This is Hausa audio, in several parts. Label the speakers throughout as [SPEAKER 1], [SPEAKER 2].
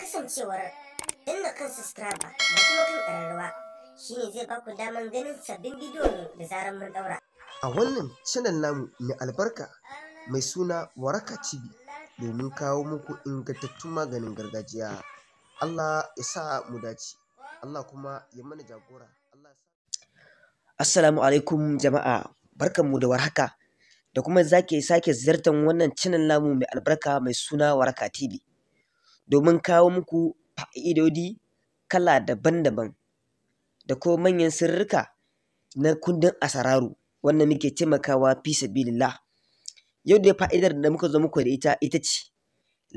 [SPEAKER 1] kasancewar dinga kan subscribe da kuma kan ƙararrawa shine zai ba ku daman ganin sabbin bidiyo ne da zarar mun daura. A wannan channel namu mai albarka mai suna Waraka TV domin kawo muku ingantattun maganin gargajiya. Allah ya sa mu dace. Allah kuma ya mana jagora. Allah Assalamu alaikum jama'a. Barkanmu da warhaka. Da kuma zake sake ziyartar wannan channel namu mai albarka mai suna Waraka TV. domin kawo muku fa'idodi kala daban-daban da kuma manyan sirrika na kundin asararu wanda muke taimakawa fi sabilillah. Yau dai fa'idar da muka zo muku da ita ita ce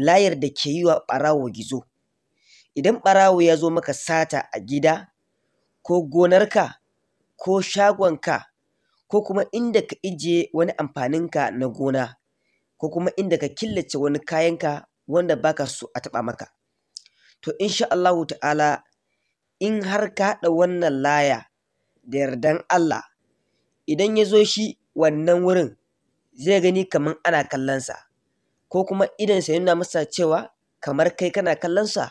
[SPEAKER 1] layar da ke yi wa ɓarawo gizo. Idan ɓarawo ya zo maka sata a gida ko gonarka ko shagonka ko kuma inda ka ijiye wani amfaninka na gona ko kuma inda ka killace wani kayanka wanda baka so a taɓa maka to insha Allah ta'ala in har ka haɗa wannan laya da yardan Allah idan ya zo shi wannan wurin zai gani kaman ana kallonsa ko kuma idansa ya nuna masa cewa kamar kai kana kallonsa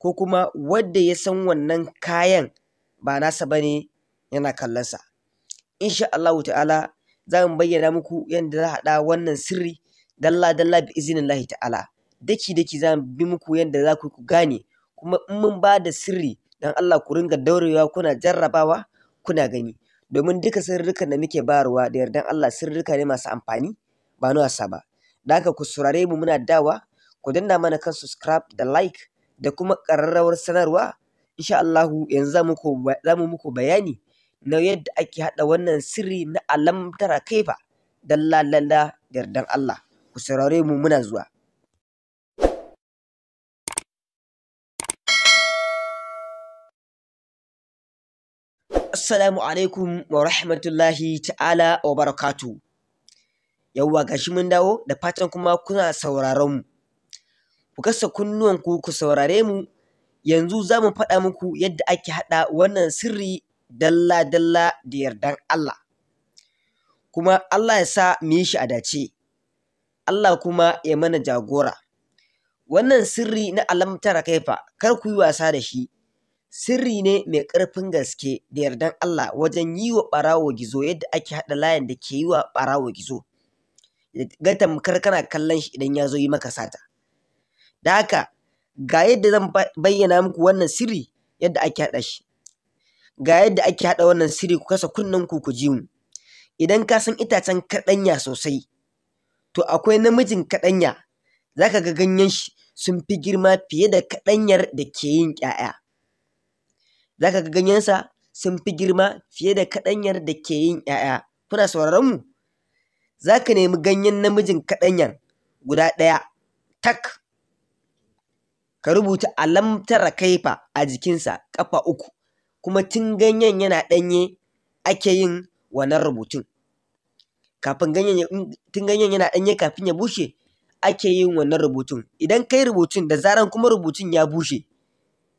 [SPEAKER 1] ko kuma wanda ya san wannan kayan ba nasa ba ne yana kallonsa insha Allah ta'ala za mu bayyana muku yadda za a haɗa wannan sirri dalla dalla bi izinin Allah. ta'ala daki-daki za mu bi muku yadda za ku gane kuma in mun ba da sirri don Allah ku ringa daurewa kuna jarrabawa kuna gani domin duka sirrikan da muke bayarwa da yardan Allah sirrika ne masu amfani ba na wasa ba da haka ku saurare mu muna dawa ku danna mana kan subscribe da like da kuma ƙararrawar sanarwa insha Allah yanzu za mu muku bayani na yadda ake haɗa wannan sirri na alamtara kaifa dalla-dalla yardan Allah ku saurare mu muna zuwa Assalamu alaikum wa rahmatullahi ta'ala wa barakatu. Yauwa gashi mun dawo da fatan kuma kuna sauraron mu. Ku kasa kunnuwanku ku saurare mu yanzu za mu faɗa muku yadda ake haɗa wannan sirri dalla-dalla da yardan Allah. Kuma Allah ya sa mu yi shi a dace. Allah kuma ya mana jagora. Wannan sirri na alamtar kaifa kar ku yi wasa da shi. sirri ne mai ƙarfin gaske da yardan Allah wajen yi wa ɓarawo gizo yadda ake haɗa layin da ke yi wa ɓarawo gizo. Ga tamkar kana kallon shi idan ya zo yi maka sata. Da haka ga yadda zan bayyana muku wannan sirri yadda ake haɗa shi. Ga yadda ake haɗa wannan sirri ku kasa kunnen ku ku ji mu. Idan ka san itacen kaɗanya sosai to akwai namijin kaɗanya za ka ga ganyen shi sun fi girma fiye da kaɗanyar da ke yin 'ya'ya. za ka ga ganyensa sun fi girma fiye da kaɗanyar da ke yin ‘ya'ya. Kuna sauraron mu? Za ka nemi ganyen namijin kaɗanyar guda ɗaya tak ka rubuta alamtar kaifa a jikinsa ƙafa uku kuma tun ganyen yana ɗanye ake yin wannan rubutun. Kafin ganyen tun ganyen yana ɗanye kafin ya bushe ake yin wannan rubutun. Idan ka yi rubutun da zaran kuma rubutun ya bushe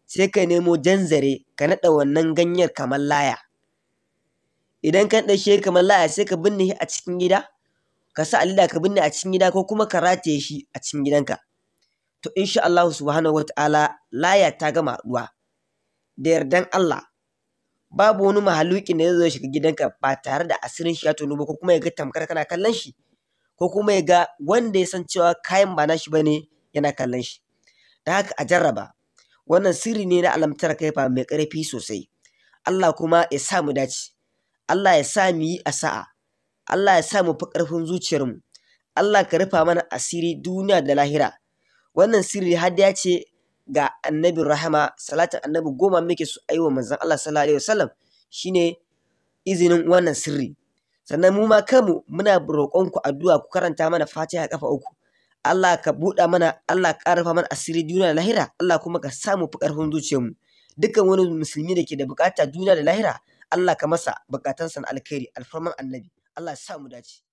[SPEAKER 1] sai ka nemo jan zare ka naɗa wannan ganyar kamar laya. Idan ka naɗa shi kamar laya sai ka binne shi a cikin gida, ka sa alida ka binne a cikin gida ko kuma ka rataye shi a cikin gidanka. To insha Allahu subhanahu wa ta'ala laya ta gama haɗuwa. Da yardan Allah babu wani mahaluki da zai zo shiga gidanka ba tare da asirin shi ya tono ba ko kuma ya ga tamkar kana kallon shi ko kuma ya ga wanda ya san cewa kayan ba nashi bane yana kallon shi. Da haka a jarraba wannan sirri ne na alamtar kaifa mai ƙarfi sosai Allah kuma ya sa mu dace Allah ya sa mu yi a Allah ya sa mu fi ƙarfin zuciyarmu Allah ka rufa mana asiri duniya da lahira wannan sirri har ya ce ga Annabi rahama salatin annabi goma muke su aiwa manzon Allah sallallahu alaihi wasallam shine izinin wannan sirri sannan mu ma kanmu muna ku addu'a ku karanta mana fatiha kafa uku Allah ka buɗa mana Allah ka mana asiri duniya da lahira Allah kuma ka samu fi ƙarfin zuciyarmu dukkan wani musulmi da ke da bukata duniya da lahira Allah ka masa bukatansa na alkhairi alfarman annabi Allah ya sa mu dace